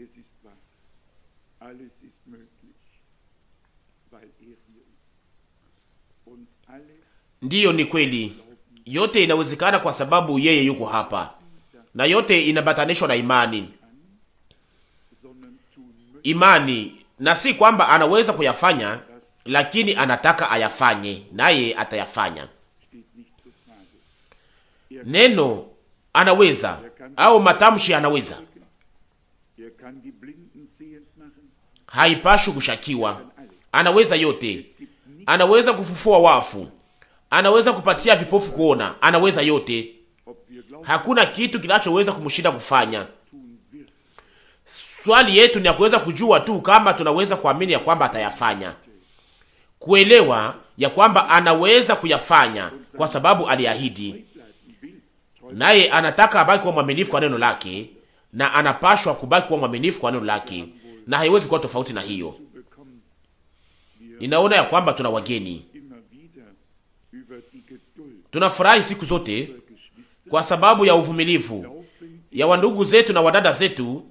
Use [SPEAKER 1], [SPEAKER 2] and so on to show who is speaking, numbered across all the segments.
[SPEAKER 1] Er
[SPEAKER 2] Ndiyo, ni kweli, yote inawezekana kwa sababu yeye yuko hapa, na yote inabatanishwa na imani. Imani na si kwamba anaweza kuyafanya, lakini anataka ayafanye, naye atayafanya. Neno anaweza au matamshi anaweza haipashwi kushakiwa. Anaweza yote, anaweza kufufua wafu, anaweza kupatia vipofu kuona, anaweza yote. Hakuna kitu kinachoweza kumshinda kufanya. Swali yetu ni ya kuweza kujua tu kama tunaweza kuamini ya kwamba atayafanya, kuelewa ya kwamba anaweza kuyafanya, kwa sababu aliahidi, naye anataka abaki kuwa mwaminifu kwa neno lake, na anapashwa kubaki kuwa mwaminifu kwa neno lake na haiwezi kuwa tofauti na hiyo. Ninaona ya kwamba tuna wageni, tunafurahi siku zote kwa sababu ya uvumilivu ya wandugu zetu na wadada zetu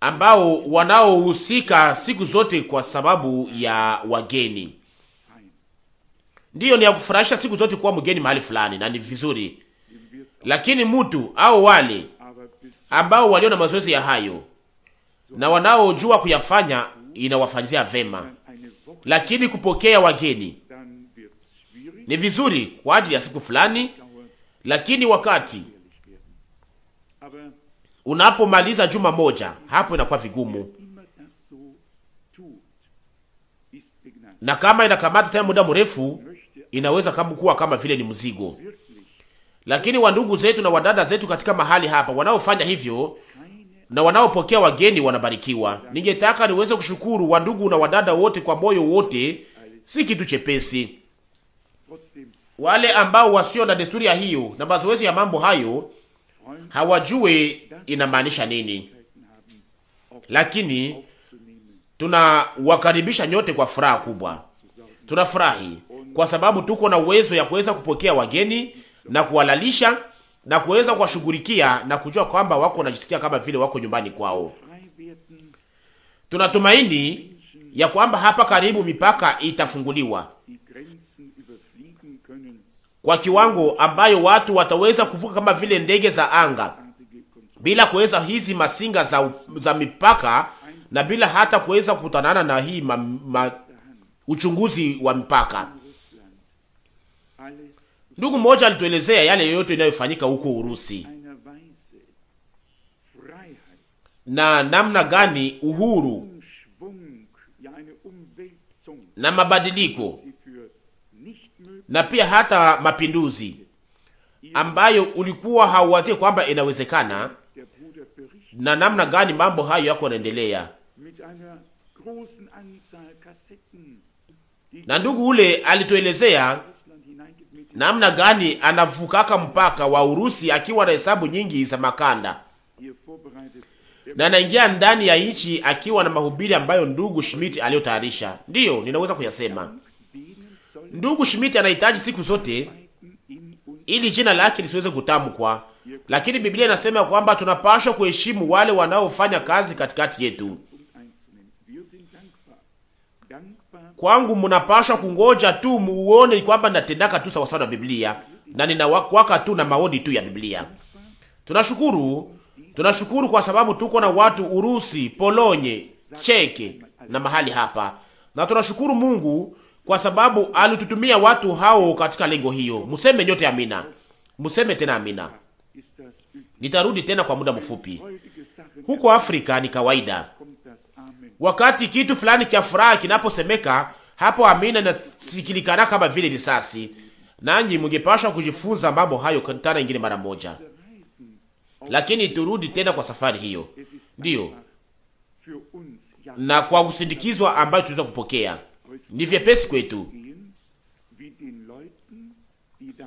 [SPEAKER 2] ambao wanaohusika siku zote kwa sababu ya wageni. Ndiyo, ni ya kufurahisha siku zote kuwa mgeni mahali fulani, na ni vizuri, lakini mtu au wale ambao walio na mazoezi ya hayo na wanaojua kuyafanya inawafanyia vema, lakini kupokea wageni ni vizuri kwa ajili ya siku fulani, lakini wakati unapomaliza juma moja, hapo inakuwa vigumu, na kama inakamata tena muda mrefu, inaweza kama kuwa kama vile ni mzigo. Lakini wandugu zetu na wadada zetu katika mahali hapa wanaofanya hivyo na wanaopokea wageni wanabarikiwa. Ningetaka niweze kushukuru wandugu na wadada wote kwa moyo wote, si kitu chepesi. Wale ambao wasio na desturi ya hiyo na mazoezi ya mambo hayo hawajue inamaanisha nini, lakini tunawakaribisha nyote kwa furaha kubwa. Tunafurahi kwa sababu tuko na uwezo ya kuweza kupokea wageni na kuwalalisha na kuweza kuwashughulikia na kujua kwamba wako wanajisikia kama vile wako nyumbani kwao. Tunatumaini ya kwamba hapa karibu mipaka itafunguliwa kwa kiwango ambayo watu wataweza kuvuka kama vile ndege za anga bila kuweza hizi masinga za, za mipaka na bila hata kuweza kukutanana na hii ma, ma, uchunguzi wa mipaka. Ndugu mmoja alituelezea yale yote inayofanyika huko Urusi na namna gani uhuru na mabadiliko na pia hata mapinduzi ambayo ulikuwa hauwazie kwamba inawezekana, na namna gani mambo hayo yako yanaendelea. Na ndugu ule alituelezea namna gani anavukaka mpaka wa Urusi akiwa na hesabu nyingi za makanda na anaingia ndani ya nchi akiwa na mahubiri ambayo ndugu Schmidt aliyotayarisha. Ndiyo, ninaweza kuyasema. Ndugu Schmidt anahitaji siku zote ili jina lake lisiweze kutamkwa, lakini Biblia inasema kwamba tunapaswa kuheshimu wale wanaofanya kazi katikati yetu. kwangu munapashwa kungoja tu muone kwamba natendaka tu sawasawa na Biblia na ninawakwaka tu na maoni tu ya Biblia. Tunashukuru, tunashukuru kwa sababu tuko na watu Urusi, Polonye, Cheke na mahali hapa, na tunashukuru Mungu kwa sababu alitutumia watu hao katika lengo hiyo. Museme nyote amina, museme tena amina. Nitarudi tena kwa muda mfupi. Huko Afrika ni kawaida Wakati kitu fulani cha furaha kinaposemeka hapo, amina inasikilikana kama vile risasi. Nanyi mungepashwa kujifunza mambo hayo tena ingine mara moja, lakini turudi tena kwa safari hiyo, ndiyo na kwa kusindikizwa ambayo tunaweza kupokea. Ni vyepesi kwetu,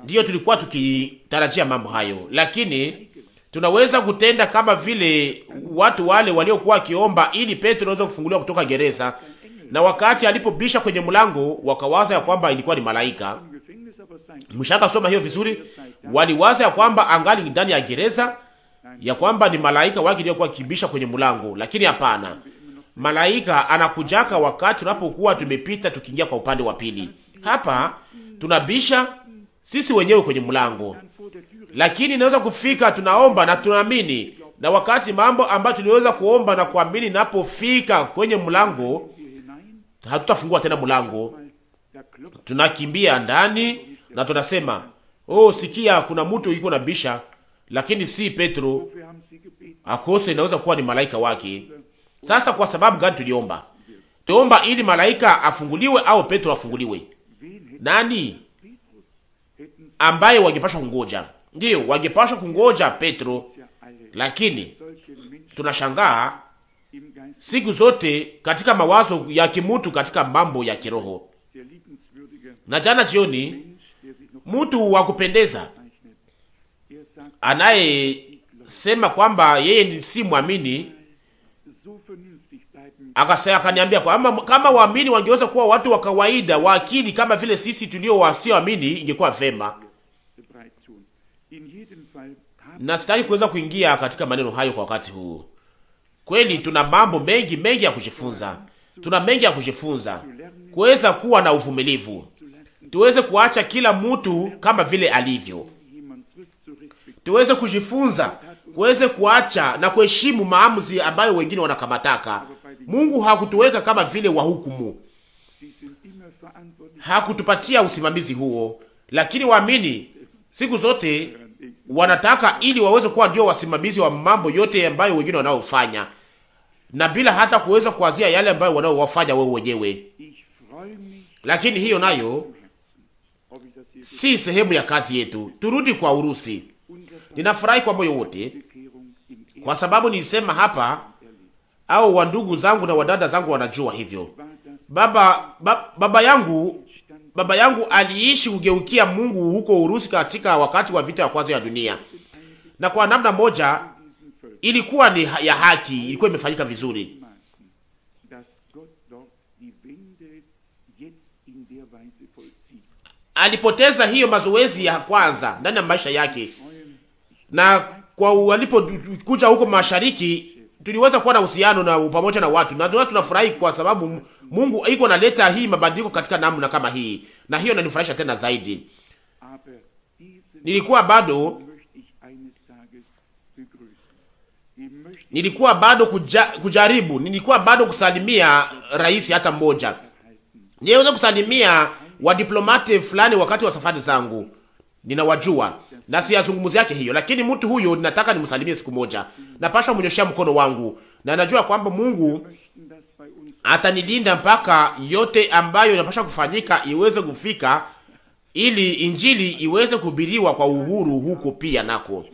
[SPEAKER 2] ndiyo tulikuwa tukitarajia mambo hayo, lakini tunaweza kutenda kama vile watu wale waliokuwa wakiomba ili Petro aweze kufunguliwa kutoka gereza, na wakati alipobisha kwenye mlango wakawaza ya kwamba ilikuwa ni malaika. Mshaka soma hiyo vizuri, waliwaza ya kwamba angali ndani ya gereza, ya kwamba ni malaika wake aliyokuwa kibisha kwenye mlango, lakini hapana, malaika anakujaka wakati unapokuwa tumepita tukiingia kwa upande wa pili. Hapa tunabisha sisi wenyewe kwenye mlango, lakini naweza kufika, tunaomba na tunaamini, na wakati mambo ambayo tuliweza kuomba na kuamini napofika kwenye mlango, hatutafungua tena mlango, tunakimbia ndani na tunasema oh, sikia, kuna mtu yuko na bisha, lakini si Petro akose, inaweza kuwa ni malaika wake. Sasa kwa sababu gani tuliomba? Tuomba ili malaika afunguliwe au Petro afunguliwe? Nani ambaye wangepashwa kungoja, ndiyo wangepashwa kungoja Petro, lakini tunashangaa siku zote katika mawazo ya kimutu, katika mambo ya kiroho. Na jana jioni mtu wa kupendeza anayesema kwamba yeye ni si mwamini akasema, akaniambia kwamba kama waamini wangeweza kuwa watu wa kawaida wa akili kama vile sisi tulio wasioamini, ingekuwa vema na sitaki kuweza kuingia katika maneno hayo kwa wakati huu. Kweli tuna mambo mengi mengi ya kujifunza, tuna mengi ya kujifunza, kuweza kuwa na uvumilivu, tuweze kuacha kila mtu kama vile alivyo, tuweze kujifunza, kuweze kuacha na kuheshimu maamuzi ambayo wengine wanakamataka. Mungu hakutuweka kama vile wahukumu, hakutupatia usimamizi huo, lakini waamini siku zote wanataka ili waweze kuwa ndio wasimamizi wa mambo yote ambayo wengine wanaofanya na bila hata kuweza kuazia yale ambayo wanaowafanya wewe wenyewe. Lakini hiyo nayo si sehemu ya kazi yetu. Turudi kwa Urusi. Ninafurahi kwa moyo wote, kwa sababu nilisema hapa, au wandugu zangu na wadada zangu wanajua hivyo. Baba ba, baba yangu baba yangu aliishi kugeukia Mungu huko Urusi katika wakati wa vita ya kwanza ya dunia, na kwa namna moja ilikuwa ni ya haki, ilikuwa imefanyika vizuri. Alipoteza hiyo mazoezi ya kwanza ndani ya maisha yake, na kwa alipokuja huko mashariki tuliweza kuwa na uhusiano na pamoja na watu na tunafurahi kwa sababu Mungu iko naleta hii mabadiliko katika namna kama hii, na hiyo inanifurahisha tena zaidi. Nilikuwa bado nilikuwa bado kuja, kujaribu nilikuwa bado kusalimia rais hata mmoja, niweza kusalimia wadiplomati fulani wakati wa safari zangu, ninawajua na si siyazungumzi yake hiyo, lakini mtu huyo nataka nimsalimie siku moja, napasha mnyoshea mkono wangu, na najua kwamba Mungu atanilinda mpaka yote ambayo inapasha kufanyika iweze kufika, ili injili iweze kuhubiriwa kwa uhuru huko pia nako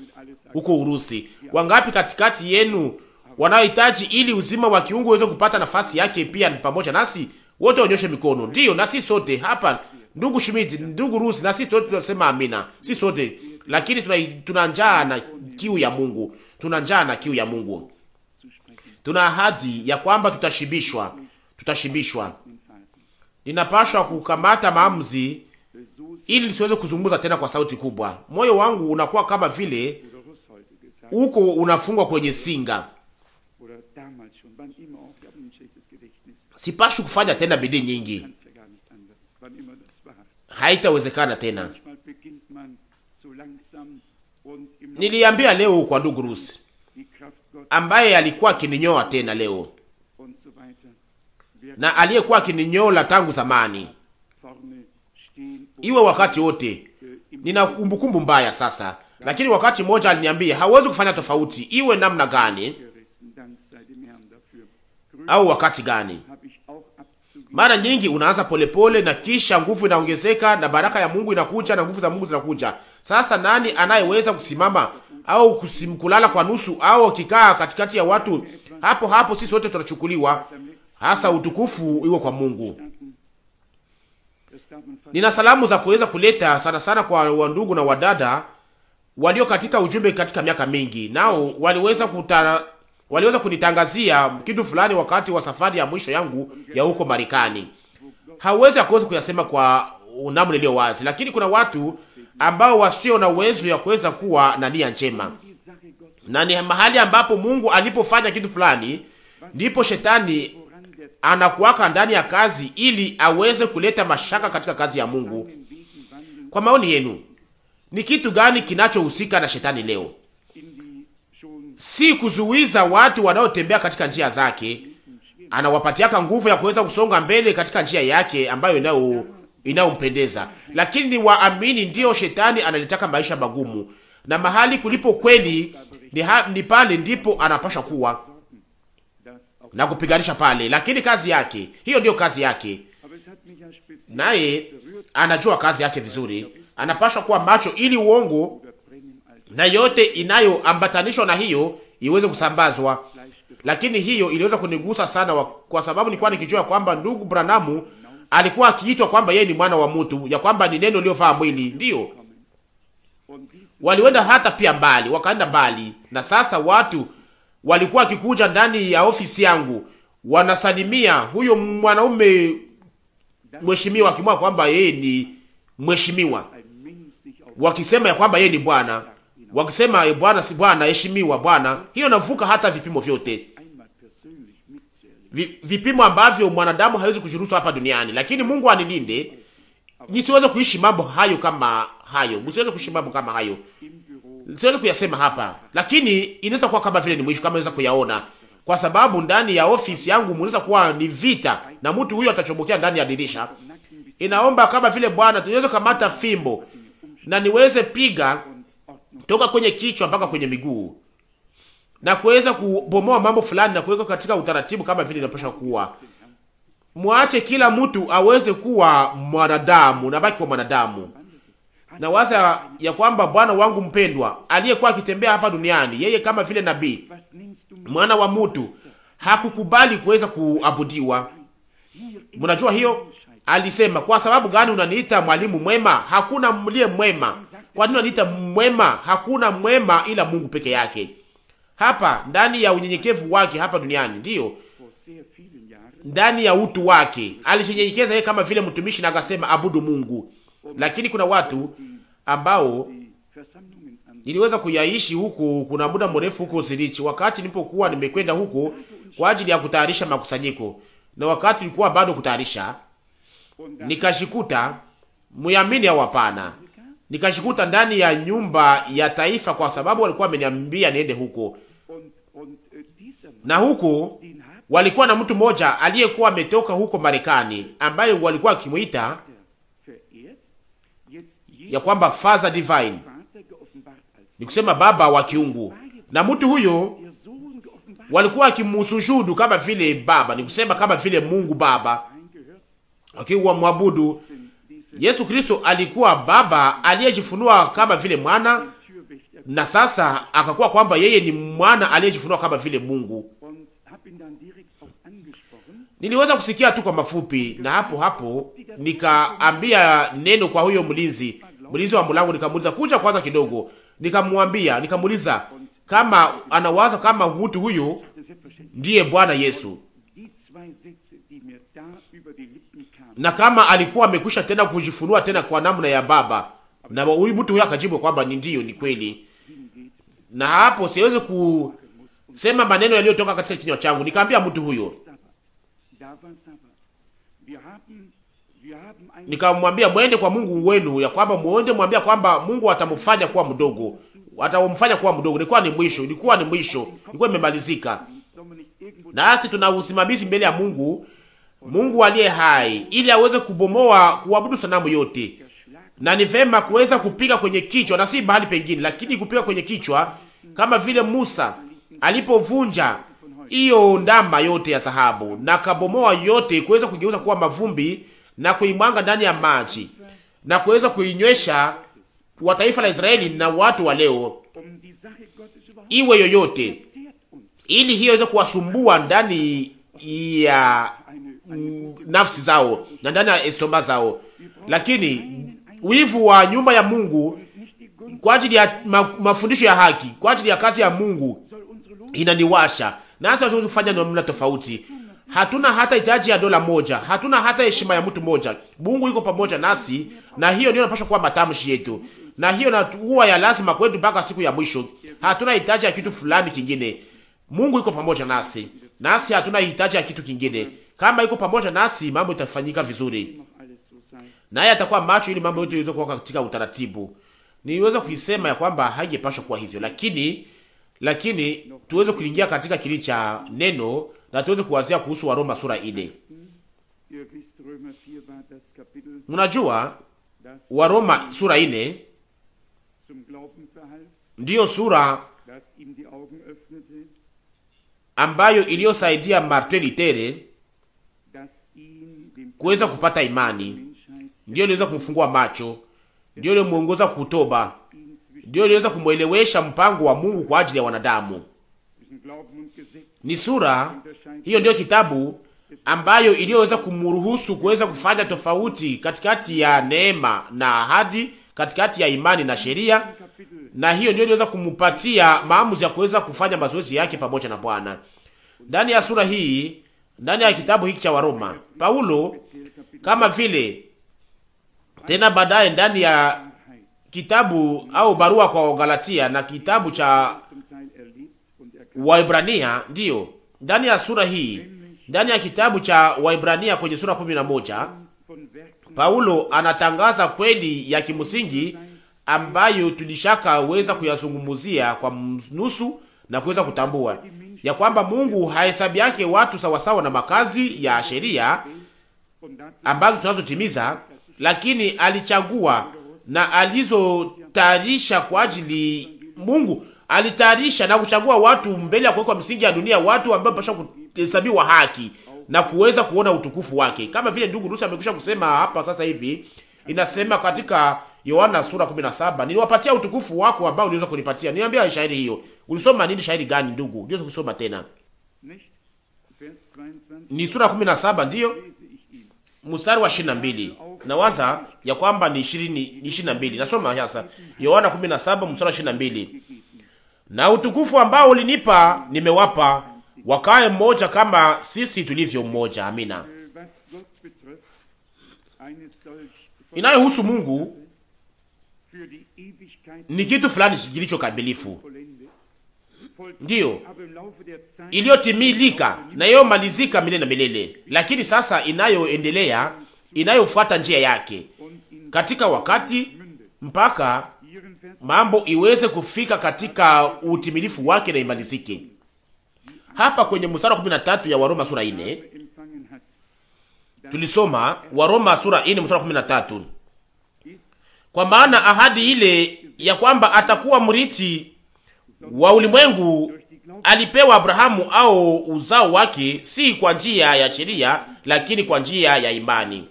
[SPEAKER 2] huko Urusi. Wangapi katikati yenu wanaohitaji ili uzima wa kiungu uweze kupata nafasi yake pia pamoja nasi wote, wanyoshe mikono. Ndiyo, na sisi sote hapa, ndugu Schmidt, ndugu Rusi, na sisi sote tunasema amina, sisi sote lakini tuna, tuna njaa na kiu ya Mungu, tuna njaa na kiu ya Mungu. Tuna ahadi ya kwamba tutashibishwa, tutashibishwa. Ninapashwa kukamata maamuzi ili nisiweze kuzungumza tena kwa sauti kubwa. Moyo wangu unakuwa kama vile uko unafungwa kwenye singa, sipashwi kufanya tena bidii nyingi, haitawezekana tena. Niliambia leo kwa ndugu Rusi ambaye alikuwa akininyoa tena leo na aliyekuwa akininyola tangu zamani, iwe wakati wote. Nina kumbukumbu mbaya sasa, lakini wakati mmoja aliniambia hawezi kufanya tofauti, iwe namna gani au wakati gani. Mara nyingi unaanza polepole na kisha nguvu inaongezeka na baraka ya Mungu inakuja na nguvu za Mungu zinakuja sasa nani anayeweza kusimama au kusimkulala kwa nusu au kikaa katikati ya watu? Hapo hapo sisi wote tutachukuliwa, hasa utukufu iwe kwa Mungu. Nina salamu za kuweza kuleta sana sana kwa wandugu na wadada walio katika ujumbe katika miaka mingi, nao waliweza kuta, waliweza kunitangazia kitu fulani wakati wa safari ya mwisho yangu ya huko Marekani. Hawezi akuweza kuyasema kwa namna iliyo wazi, lakini kuna watu ambao wasio na uwezo ya kuweza kuwa na nia njema, na ni mahali ambapo Mungu alipofanya kitu fulani, ndipo shetani anakuwaka ndani ya kazi ili aweze kuleta mashaka katika kazi ya Mungu. Kwa maoni yenu ni kitu gani kinachohusika na shetani leo? Si kuzuiza watu wanaotembea katika njia zake, anawapatiaka nguvu ya kuweza kusonga mbele katika njia yake ambayo inayo inayompendeza, lakini ni waamini ndiyo shetani analitaka maisha magumu, na mahali kulipo kweli ni, ha, ni pale ndipo anapasha kuwa na kupiganisha pale, lakini kazi yake hiyo ndiyo kazi yake, naye anajua kazi yake vizuri. Anapashwa kuwa macho ili uongo na yote inayoambatanishwa na hiyo iweze kusambazwa, lakini hiyo iliweza kunigusa sana wa, kwa sababu nilikuwa nikijua kwamba ndugu Branamu alikuwa akiitwa kwamba yeye ni mwana wa mtu, ya kwamba ni neno liyovaa mwili. Ndiyo, waliwenda hata pia mbali, wakaenda mbali. Na sasa watu walikuwa wakikuja ndani ya ofisi yangu, wanasalimia huyo mwanaume mheshimiwa, akimwa kwamba yeye ni mheshimiwa, wakisema ya kwamba yeye ni bwana, wakisema bwana, si bwana, heshimiwa bwana. Hiyo navuka hata vipimo vyote vipimo ambavyo mwanadamu hawezi kujiruhusu hapa duniani, lakini Mungu anilinde nisiweze kuishi mambo hayo kama hayo, msiweze kuishi mambo kama hayo, siweze kuyasema hapa, lakini inaweza kuwa kama vile ni mwisho, kama unaweza kuyaona, kwa sababu ndani ya ofisi yangu mnaweza kuwa ni vita na mtu huyo atachomokea ndani ya dirisha. Inaomba kama vile Bwana, tunaweza kamata fimbo na niweze piga toka kwenye kichwa mpaka kwenye miguu na kuweza kubomoa mambo fulani na kuweka katika utaratibu kama vile inapaswa kuwa. Mwache kila mtu aweze kuwa mwanadamu na baki kwa mwanadamu. Na waza ya kwamba Bwana wangu mpendwa aliyekuwa akitembea hapa duniani, yeye kama vile nabii mwana wa mtu hakukubali kuweza kuabudiwa. Mnajua hiyo? Alisema, kwa sababu gani unaniita mwalimu mwema? Hakuna mlie mwema. Kwa nini unaniita mwema? Hakuna mwema ila Mungu peke yake hapa ndani ya unyenyekevu wake hapa duniani, ndiyo ndani ya utu wake alishinyenyekeza yeye kama vile mtumishi, na akasema abudu Mungu. Lakini kuna watu ambao niliweza kuyaishi huku kuna muda mrefu huko Zirichi, wakati nilipokuwa nimekwenda huko kwa ajili ya kutayarisha makusanyiko, na wakati nilikuwa bado kutayarisha, nikashikuta muamini au hapana, nikashikuta ndani ya nyumba ya taifa, kwa sababu walikuwa wameniambia niende huko Äh, na huko walikuwa na mtu mmoja aliyekuwa ametoka huko Marekani, ambaye walikuwa wakimwita ya kwamba Father Divine, ni kusema baba wa kiungu. Na mtu huyo walikuwa akimusujudu kama vile baba, ni kusema kama vile Mungu Baba, wakiwa mwabudu Yesu Kristo. Alikuwa baba aliyejifunua kama vile mwana na sasa akakuwa kwamba yeye ni mwana aliyejifunua kama vile Mungu. Niliweza kusikia tu kwa mafupi, na hapo hapo nikaambia neno kwa huyo mlinzi, mlinzi wa mlango. Nikamuuliza kuja kwanza kidogo, nikamwambia, nikamuuliza kama anawaza kama mtu huyu ndiye Bwana Yesu na kama alikuwa amekwisha tena kujifunua tena kwa namna ya Baba, na huyu mtu huyo akajibu kwamba ni ndiyo, ni kweli na hapo siwezi kusema maneno yaliyotoka katika kinywa changu. Nikaambia mtu huyo, nikamwambia mwende kwa Mungu wenu, ya kwamba mwende mwambia kwamba Mungu atamfanya kuwa mdogo, atamfanya kuwa mdogo. Ilikuwa ni mwisho, ilikuwa ni mwisho, ilikuwa imemalizika. Nasi tuna usimamizi mbele ya Mungu, Mungu aliye hai, ili aweze kubomoa kuabudu sanamu yote na ni vema kuweza kupiga kwenye kichwa na si mahali pengine, lakini kupiga kwenye kichwa kama vile Musa alipovunja hiyo ndama yote ya dhahabu na kabomoa yote, kuweza kugeuza kuwa mavumbi na kuimwanga ndani ya maji na kuweza kuinywesha wa taifa la Israeli na watu wa leo, iwe yoyote, ili hiyo iweze kuwasumbua ndani ya nafsi zao na ndani ya estoma zao, lakini wivu wa nyumba ya Mungu kwa ajili ya ma, mafundisho ya haki kwa ajili ya kazi ya Mungu inaniwasha nasi wazuri kufanya namna tofauti. Hatuna hata hitaji ya dola moja, hatuna hata heshima ya mtu moja. Mungu yuko pamoja nasi, na hiyo ndio inapaswa kuwa matamshi yetu, na hiyo na huwa ya lazima kwetu mpaka siku ya mwisho. Hatuna hitaji ya kitu fulani kingine. Mungu yuko pamoja nasi, nasi hatuna hitaji ya kitu kingine. Kama yuko pamoja nasi, mambo itafanyika vizuri naye atakuwa macho ili mambo yote iweze kuwa katika utaratibu. Niweza kuisema ya kwamba haingepashwa kuwa hivyo, lakini lakini tuweze kuingia katika kile cha neno na tuweze kuwazia kuhusu Waroma sura ine. Mnajua Waroma sura ine ndiyo sura ambayo iliyosaidia Martin Luther kuweza kupata imani ndiyo iliweza kumfungua macho, ndiyo iliyomwongoza kutoba, ndiyo iliweza kumwelewesha mpango wa Mungu kwa ajili ya wanadamu. Ni sura hiyo ndiyo kitabu ambayo iliyoweza kumruhusu kuweza kufanya tofauti katikati ya neema na ahadi, katikati ya imani na sheria, na hiyo ndiyo iliweza kumupatia maamuzi ya kuweza kufanya mazoezi yake pamoja na Bwana ndani ya sura hii, ndani ya kitabu hiki cha Waroma. Paulo kama vile tena baadaye ndani ya kitabu au barua kwa galatia na kitabu cha Waibrania, ndiyo ndani ya sura hii, ndani ya kitabu cha Waibrania kwenye sura kumi na moja Paulo anatangaza kweli ya kimsingi ambayo tulishaka weza kuyazungumzia kwa nusu na kuweza kutambua ya kwamba Mungu hahesabu yake watu sawasawa na makazi ya sheria ambazo tunazotimiza, lakini alichagua na alizotayarisha kwa ajili Mungu alitayarisha na kuchagua watu mbele ya kuwekwa msingi ya dunia, watu ambao pasha kuhesabiwa haki na kuweza kuona utukufu wake, kama vile ndugu Rusi amekwisha kusema hapa sasa hivi. Inasema katika Yohana sura 17, niliwapatia utukufu wako ambao uliweza kunipatia. Niambia shairi hiyo, ulisoma nini? Shairi gani ndugu? Ndio kusoma tena, ni sura 17, ndio mstari wa 22 nawaza ya kwamba ni ishirini na mbili. Nasoma sasa Yohana 17 mstari ishirini na mbili, na utukufu ambao ulinipa nimewapa wakae mmoja kama sisi tulivyo mmoja. Amina. Inayohusu Mungu ni kitu fulani kilicho kamilifu, ndiyo iliyotimilika na iyomalizika milele na milele, lakini sasa inayoendelea inayofuata njia yake katika wakati mpaka mambo iweze kufika katika utimilifu wake na imalizike. Hapa kwenye mstari wa 13 ya Waroma sura 4 tulisoma Waroma sura 4 mstari wa 13, kwa maana ahadi ile ya kwamba atakuwa mrithi wa ulimwengu alipewa Abrahamu au uzao wake, si kwa njia ya sheria, lakini kwa njia ya imani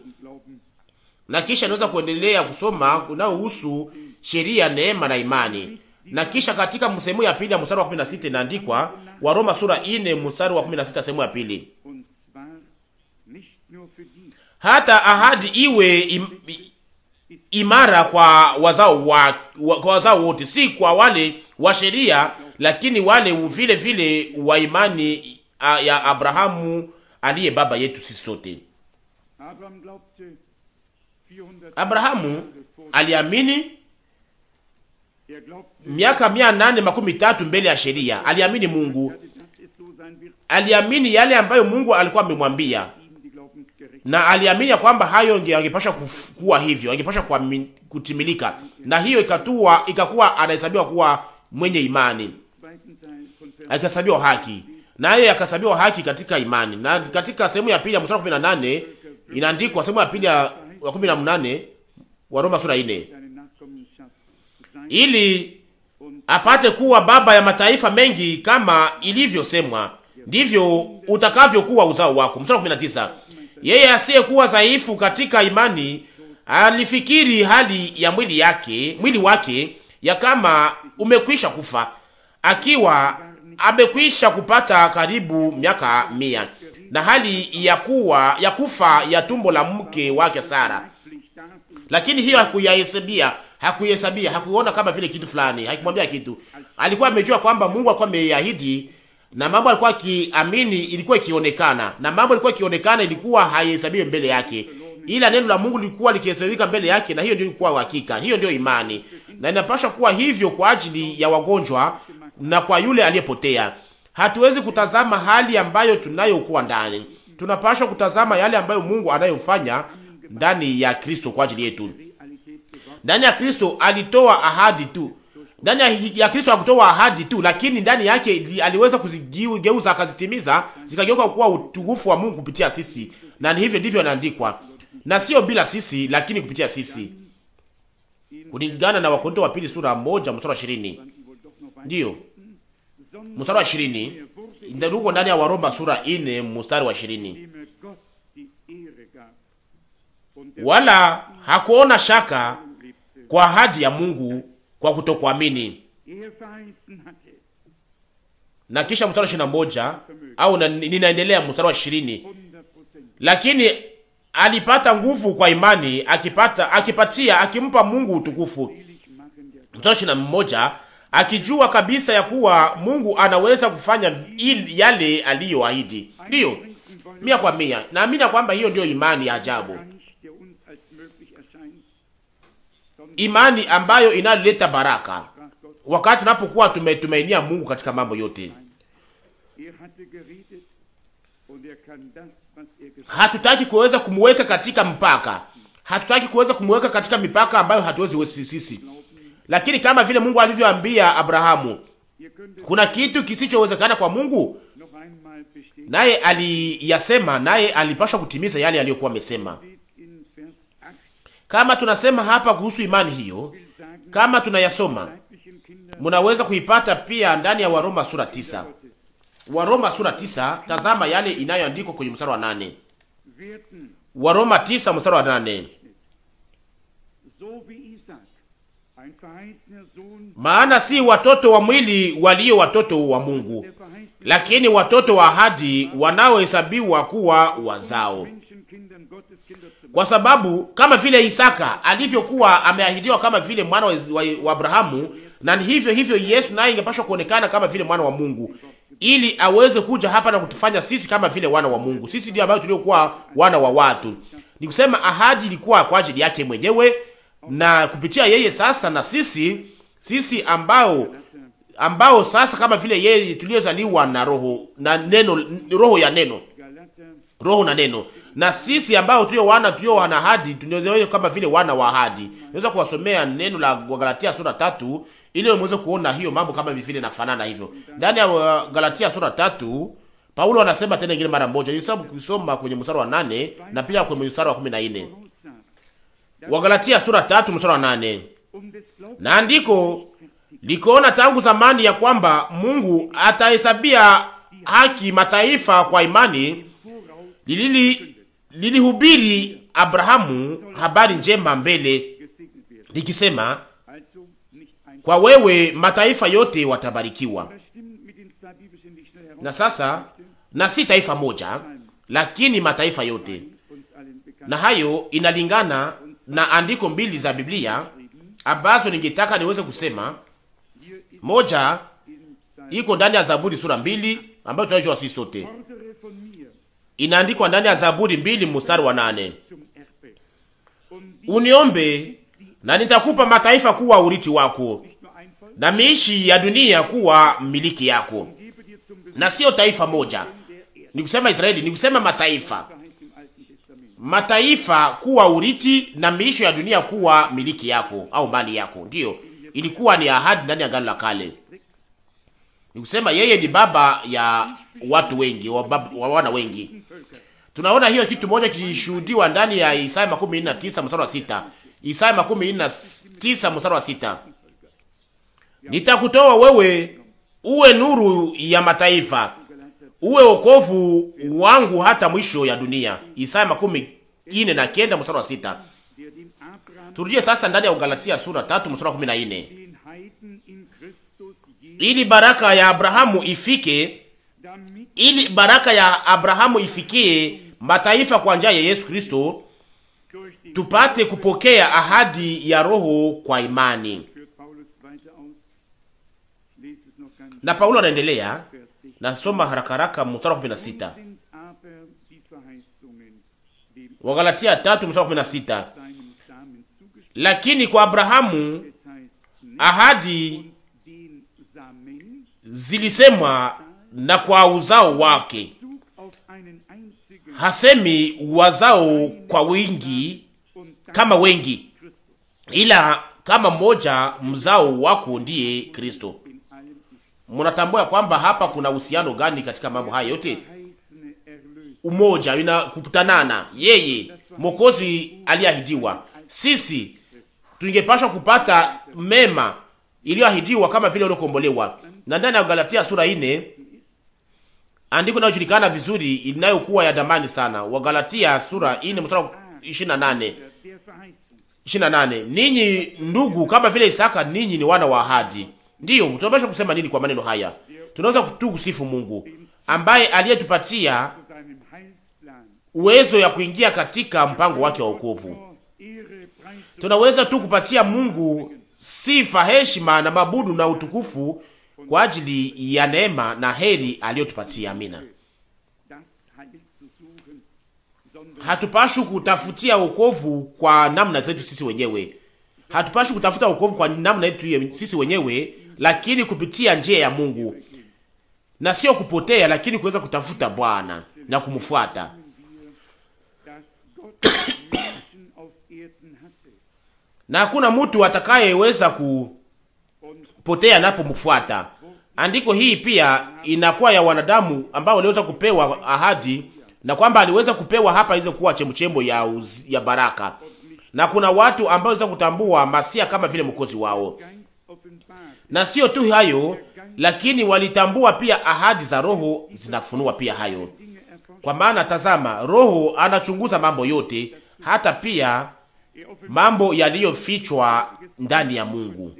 [SPEAKER 2] na kisha inaweza kuendelea kusoma unaohusu sheria, neema na imani. Na kisha katika msemo ya pili ya mstari wa 16 inaandikwa, Waroma sura 4 mstari wa 16, sehemu ya pili, hata ahadi iwe im, imara kwa wazao wa, wa, kwa wazao wote, si kwa wale wa sheria, lakini wale vile vile wa imani ya Abrahamu aliye baba yetu sisi sote. Abrahamu aliamini miaka mia nane makumi tatu mbele ya sheria. Aliamini Mungu, aliamini yale ambayo Mungu alikuwa amemwambia, na aliamini ya kwamba hayo angepasha kuwa hivyo, angepasha kutimilika, na hiyo ikatua, ikakuwa anahesabiwa kuwa mwenye imani, akihesabiwa haki, naye akahesabiwa haki katika imani. Na katika sehemu ya pili ya mstari 18 inaandikwa, sehemu ya pili ya wa kumi na mnane wa Roma sura ine ili apate kuwa baba ya mataifa mengi kama ilivyosemwa, ndivyo utakavyokuwa uzao wako. Mstari na tisa yeye asiyekuwa dhaifu katika imani alifikiri hali ya mwili yake mwili wake ya kama umekwisha kufa, akiwa amekwisha kupata karibu miaka mia na hali ya kuwa ya kufa ya tumbo la mke wake Sara, lakini hiyo hakuyahesabia hakuihesabia hakuona kama vile kitu fulani, haikumwambia kitu. Alikuwa amejua kwamba Mungu alikuwa ameahidi na mambo alikuwa akiamini, ilikuwa ikionekana na mambo ilikuwa ikionekana, ilikuwa haihesabiwi mbele yake, ila neno la Mungu lilikuwa likihesabika mbele yake, na hiyo ndio ilikuwa uhakika, Hiyo ndio imani, na inapaswa kuwa hivyo kwa ajili ya wagonjwa na kwa yule aliyepotea. Hatuwezi kutazama hali ambayo tunayokuwa ndani, tunapashwa kutazama yale ambayo Mungu anayofanya ndani ya Kristo kwa ajili yetu. Ndani ya Kristo alitoa ahadi tu, ndani ya Kristo hakutoa ahadi tu, lakini ndani yake aliweza kuzigeuza akazitimiza, zikageuka kuwa utukufu wa Mungu kupitia sisi, na hivyo ndivyo inaandikwa, na sio bila sisi, lakini kupitia sisi, kulingana na Wakorinto wa pili sura moja mstari wa ishirini. Ndiyo mstari wa ishirini huko ndani ya Waroma sura ine mstari wa ishirini wala hakuona shaka kwa ahadi ya Mungu kwa kutokuamini. Na kisha mstari wa ishirini na moja au ninaendelea mstari wa ishirini lakini alipata nguvu kwa imani akipata akipatia akimpa Mungu utukufu. Mstari wa ishirini na moja akijua kabisa ya kuwa Mungu anaweza kufanya il, yale aliyoahidi. Ndiyo mia kwa mia, naamini kwamba hiyo ndiyo imani ya ajabu, imani ambayo inaleta baraka wakati tunapokuwa tumetumainia Mungu katika mambo yote. Hatutaki kuweza kumweka katika mpaka, hatutaki kuweza kumweka katika mipaka ambayo hatuwezi sisi lakini kama vile Mungu alivyoambia Abrahamu, kuna kitu kisichowezekana kwa Mungu? Naye aliyasema, naye alipashwa kutimiza yale aliyokuwa amesema. Kama tunasema hapa kuhusu imani hiyo, kama tunayasoma, mnaweza kuipata pia ndani ya Waroma sura tisa. Waroma sura tisa, tazama yale inayoandikwa kwenye mstari wa nane. Waroma tisa mstari wa nane. maana si watoto wa mwili walio watoto wa Mungu, lakini watoto wa ahadi wanaohesabiwa kuwa wazao, kwa sababu kama vile Isaka alivyokuwa ameahidiwa kama vile mwana wa Abrahamu, na hivyo hivyo Yesu naye ingepashwa kuonekana kama vile mwana wa Mungu ili aweze kuja hapa na kutufanya sisi kama vile wana wa Mungu. Sisi ndio ambao tuliokuwa wana wa watu. Ni kusema ahadi ilikuwa kwa ajili yake mwenyewe na kupitia yeye sasa na sisi sisi ambao ambao sasa kama vile yeye tuliozaliwa na roho na neno roho ya neno roho na neno na sisi ambao tulio wana tulio wana hadi tunaweza kama vile wana wa hadi. Naweza kuwasomea neno la Galatia sura tatu ili muweze kuona hiyo mambo kama vile nafanana hivyo. Ndani ya uh, Galatia sura tatu Paulo anasema tena ingine mara moja, nilisoma kusoma kwenye mstari wa nane na pia kwenye mstari wa 14. Wagalatia sura tatu mstari wa nane. Na andiko likoona tangu zamani ya kwamba Mungu atahesabia haki mataifa kwa imani, lilili lilihubiri Abrahamu habari njema mbele likisema, kwa wewe mataifa yote watabarikiwa. Na sasa na si taifa moja, lakini mataifa yote, na hayo inalingana na andiko mbili za Biblia ambazo ningetaka niweze kusema. Moja iko ndani ya Zaburi sura mbili ambayo tunajua sisi sote, inaandikwa ndani ya Zaburi mbili mstari wa nane uniombe na nitakupa mataifa kuwa urithi wako na miishi ya dunia kuwa miliki yako. Na sio taifa moja, kusema Israeli, kusema mataifa mataifa kuwa urithi na miisho ya dunia kuwa miliki yako au mali yako. Ndiyo ilikuwa ni ahadi ndani ya Agano la Kale, nikusema yeye ni baba ya watu wengi wa, wa wana wengi. Tunaona hiyo kitu moja kishuhudiwa ndani ya Isaya makumi nne na tisa mstari wa sita. Isaya makumi nne na tisa mstari wa sita, nitakutoa wewe uwe nuru ya mataifa uwe wokovu wangu hata mwisho ya dunia. Isaya makumi ine na kenda mstari wa sita. Turudie sasa ndani ya Ugalatia sura tatu mstari wa kumi na ine ili baraka ya Abrahamu ifike, ili baraka ya Abrahamu ifikie mataifa kwa njia ya Yesu Kristo, tupate kupokea ahadi ya Roho kwa imani. Na Paulo anaendelea Nasoma haraka haraka mstari wa 16. Wagalatia 3 mstari wa 16. Lakini kwa Abrahamu ahadi zilisemwa na kwa uzao wake. Hasemi wazao kwa wingi kama wengi, ila kama mmoja mzao wako ndiye Kristo. Mnatambua kwamba hapa kuna uhusiano gani katika mambo haya yote? Umoja kukutanana yeye mokozi aliahidiwa. Sisi tungepashwa kupata mema iliyoahidiwa kama vile uliokombolewa. Na ndani ya Galatia sura ine andiko linalojulikana vizuri inayokuwa ya damani sana, Wagalatia sura ine mstari ishirini na nane ishirini na nane ninyi ndugu, kama vile Isaka ninyi ni wana wa ahadi. Ndiyo, tunapaswa kusema nini kwa maneno haya? Tunaweza tu kusifu Mungu ambaye aliyetupatia uwezo ya kuingia katika mpango wake wa wokovu. Tunaweza tu kupatia Mungu sifa, heshima na mabudu na utukufu kwa ajili ya neema na heri aliyotupatia. Amina. Hatupashi kutafutia wokovu kwa namna zetu sisi wenyewe, hatupashi kutafuta wokovu kwa namna yetu sisi wenyewe, lakini kupitia njia ya Mungu, na sio kupotea, lakini kuweza kutafuta Bwana na kumfuata. na hakuna mtu atakayeweza kupotea anapomfuata. Andiko hii pia inakuwa ya wanadamu ambao waliweza kupewa ahadi na kwamba aliweza kupewa hapa hizo kuwa chemchembo ya, ya baraka na kuna watu ambao waweza kutambua Masia kama vile mkozi wao, na sio tu hayo, lakini walitambua pia ahadi za Roho zinafunua pia hayo. Kwa maana tazama, Roho anachunguza mambo yote, hata pia mambo yaliyofichwa ndani ya Mungu,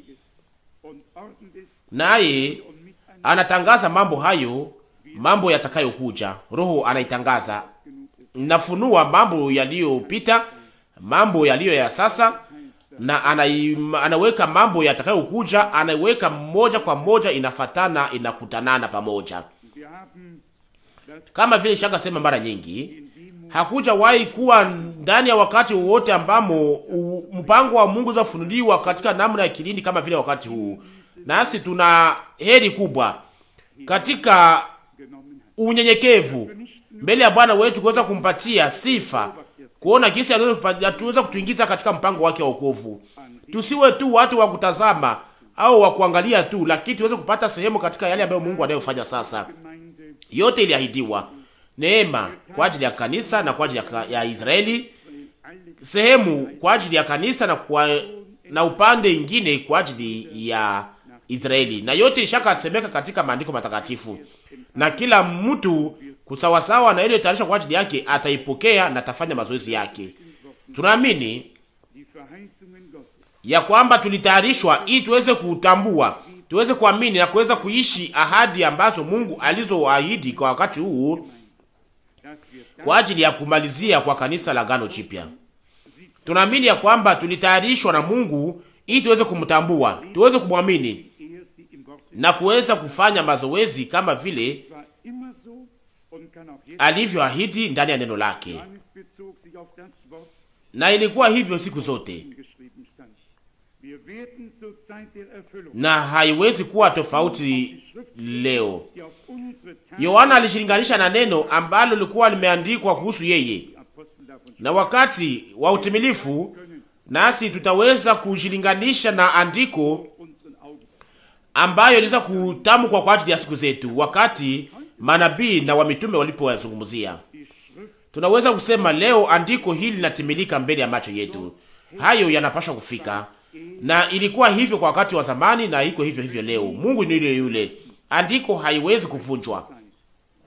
[SPEAKER 2] naye anatangaza mambo hayo, mambo yatakayokuja. Roho anaitangaza, nafunua mambo yaliyopita, mambo yaliyo ya sasa na anai, anaweka mambo yatakayokuja, anaiweka moja kwa moja, inafatana inakutanana pamoja. Kama vile shaka sema mara nyingi, wahi kuwa ndani ya wakati wowote ambamo mpango wa Mungu zafunuliwa katika namna ya kilindi kama vile wakati huu, nasi tuna heri kubwa katika unyenyekevu mbele ya Bwana wetu kuweza kumpatia sifa kuona jinsi anaweza kutuingiza katika mpango wake wa wokovu. Tusiwe tu watu wa kutazama au wa kuangalia tu, lakini tuweze kupata sehemu katika yale ambayo Mungu anayofanya sasa. Yote iliahidiwa neema kwa ajili ya kanisa na kwa ajili ya, ya Israeli, sehemu kwa ajili ya kanisa na kwa, na upande ingine kwa ajili ya Israeli, na yote ishakasemeka katika maandiko matakatifu, na kila mtu kusawasawa na ile tarisha kwa ajili yake, ataipokea na atafanya mazoezi yake. Tunaamini ya kwamba tulitayarishwa ili tuweze kutambua, tuweze kuamini na kuweza kuishi ahadi ambazo Mungu alizoahidi kwa wakati huu kwa ajili ya kumalizia kwa kanisa la gano Jipya. Tunaamini ya kwamba tulitayarishwa na Mungu ili tuweze kumtambua, tuweze kumwamini na kuweza kufanya mazoezi kama vile alivyoahidi ndani ya neno lake, na ilikuwa hivyo siku zote na haiwezi kuwa tofauti leo. Yohana alishilinganisha na neno ambalo lilikuwa limeandikwa kuhusu yeye, na wakati wa utimilifu nasi tutaweza kujilinganisha na andiko ambayo iliweza kutamkwa kwa ajili ya siku zetu, wakati manabii na wamitume walipowazungumzia. Tunaweza kusema leo andiko hili linatimilika mbele ya macho yetu, hayo yanapashwa kufika, na ilikuwa hivyo kwa wakati wa zamani na iko hivyo hivyo leo. Mungu ni yule yule, andiko haiwezi kuvunjwa.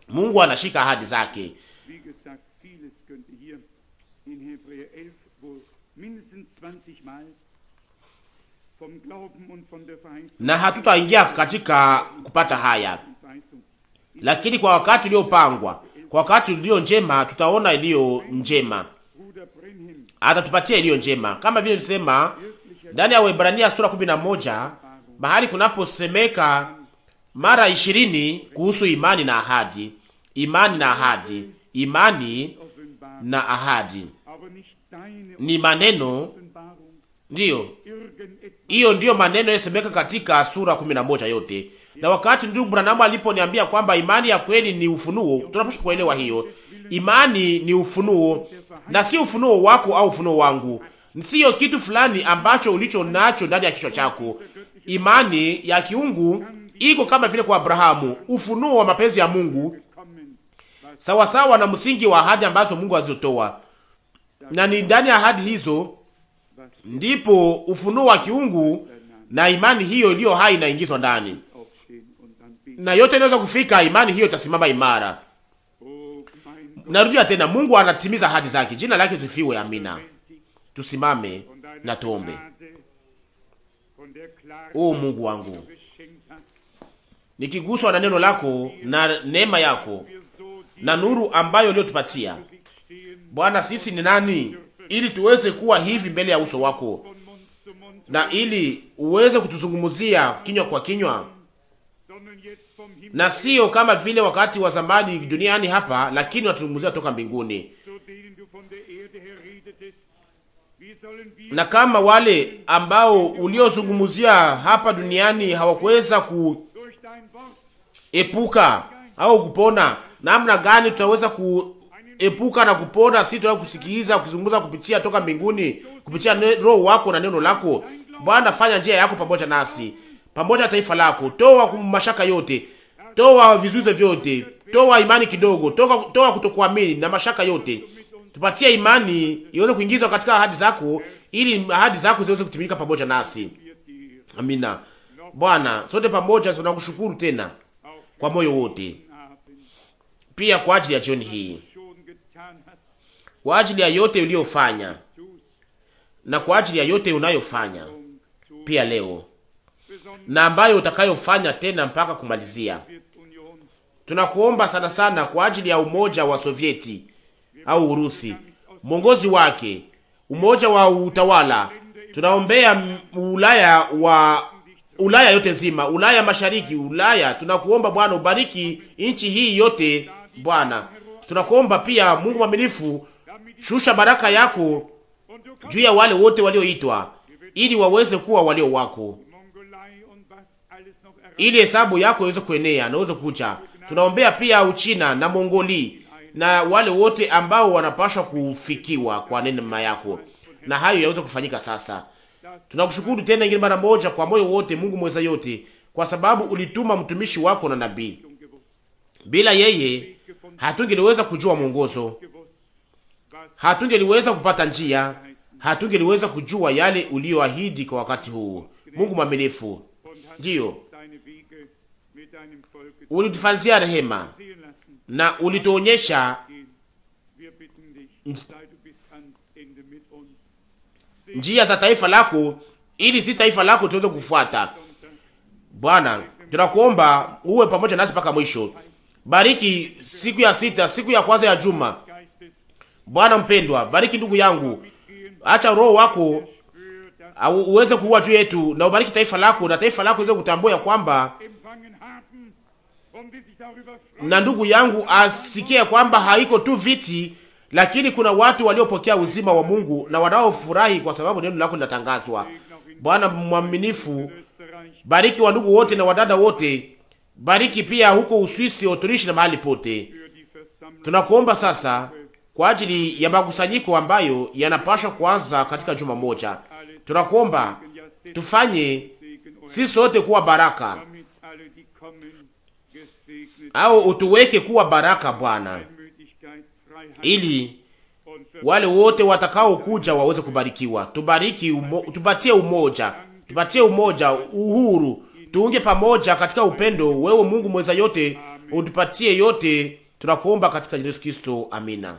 [SPEAKER 2] Mungu anashika ahadi zake. Na hatutaingia katika kupata haya lakini kwa wakati uliopangwa, kwa wakati ulio njema, tutaona iliyo njema, atatupatia iliyo njema, kama vile tulisema ndani ya Waebrania sura 11 mahali kunaposemeka mara ishirini kuhusu imani na ahadi, imani na ahadi, imani na ahadi. Ni maneno ndiyo, hiyo ndiyo maneno yasemeka katika sura 11 yote na wakati ndugu Branham aliponiambia kwamba imani ya kweli ni ufunuo, tunapaswa kuelewa hiyo imani ni ufunuo, na si ufunuo wako au ufunuo wangu, siyo kitu fulani ambacho ulicho nacho ndani ya kichwa chako. Imani ya kiungu iko kama vile kwa Abrahamu, ufunuo wa mapenzi ya Mungu sawa sawa na msingi wa ahadi ambazo Mungu azitoa. na ni ndani ya ahadi hizo ndipo ufunuo wa kiungu na imani hiyo iliyo hai inaingizwa ndani na yote inaweza kufika, imani hiyo itasimama imara. Narudia tena, Mungu anatimiza ahadi zake, jina lake zifiwe. Amina. Tusimame na tuombe. O Mungu wangu, nikiguswa na neno lako na neema yako na nuru ambayo uliotupatia Bwana, sisi ni nani ili tuweze kuwa hivi mbele ya uso wako na ili uweze kutuzungumzia kinywa kwa kinywa na sio kama vile wakati wa zamani duniani hapa, lakini watuzungumzia toka mbinguni. Na kama wale ambao uliozungumzia hapa duniani hawakuweza kuepuka au kupona, namna gani tutaweza kuepuka na kupona? Sisi tunataka kusikiliza ukizungumza kupitia toka mbinguni, kupitia roho wako na neno lako. Bwana, fanya njia yako pamoja nasi, pamoja na taifa lako, toa mashaka yote toa vizuizo vyote, toa imani kidogo, toa, toa kutokuamini na mashaka yote. Tupatie imani iweze kuingizwa katika ahadi zako, ili ahadi zako ziweze kutimilika pamoja nasi. Amina. Bwana, sote pamoja tunakushukuru tena kwa moyo wote, pia kwa ajili ya jioni hii, kwa ajili ya yote uliyofanya na kwa ajili ya yote unayofanya pia leo na ambayo utakayofanya tena mpaka kumalizia. Tunakuomba sana sana kwa ajili ya umoja wa Sovieti au Urusi, mwongozi wake, umoja wa utawala. Tunaombea Ulaya wa Ulaya yote nzima, Ulaya Mashariki, Ulaya. Tunakuomba Bwana ubariki nchi hii yote Bwana. Tunakuomba pia Mungu mwaminifu, shusha baraka yako juu ya wale wote walioitwa ili waweze kuwa walio wako, ili hesabu yako iweze kuenea na uweze kucha Tunaombea pia Uchina na Mongoli na wale wote ambao wanapaswa kufikiwa kwa neema yako, na hayo yaweze kufanyika sasa. Tunakushukuru tena ingine mara moja kwa moyo wote, Mungu mweza yote, kwa sababu ulituma mtumishi wako na nabii. Bila yeye hatungeliweza kujua mwongozo, hatungeliweza kupata njia, hatungeliweza kujua yale uliyoahidi kwa wakati huu. Mungu mwaminifu, ndiyo ulitufanzia rehema na ulituonyesha njia za taifa lako, ili sisi taifa lako tuweze kufuata. Bwana, tunakuomba uwe pamoja nasi mpaka mwisho. Bariki siku ya sita, siku ya kwanza ya juma. Bwana mpendwa, bariki ndugu yangu, acha roho wako uweze kuua juu yetu, na ubariki taifa lako, na taifa lako iweze kutambua ya kwamba na ndugu yangu asikie kwamba haiko tu viti, lakini kuna watu waliopokea uzima wa Mungu na wanaofurahi kwa sababu neno lako linatangazwa. Bwana mwaminifu, bariki wa ndugu wote na wadada wote, bariki pia huko Uswisi, Oturishi na mahali pote. Tunakuomba sasa kwa ajili ya makusanyiko ambayo yanapashwa kuanza katika juma moja, tunakuomba tufanye sisi sote kuwa baraka au utuweke kuwa baraka Bwana, ili wale wote watakaokuja waweze kubarikiwa. Tubariki umo, tupatie umoja, tupatie umoja, uhuru, tuunge pamoja katika upendo. Wewe Mungu mweza yote, utupatie yote, tunakuomba katika Yesu Kristo, amina.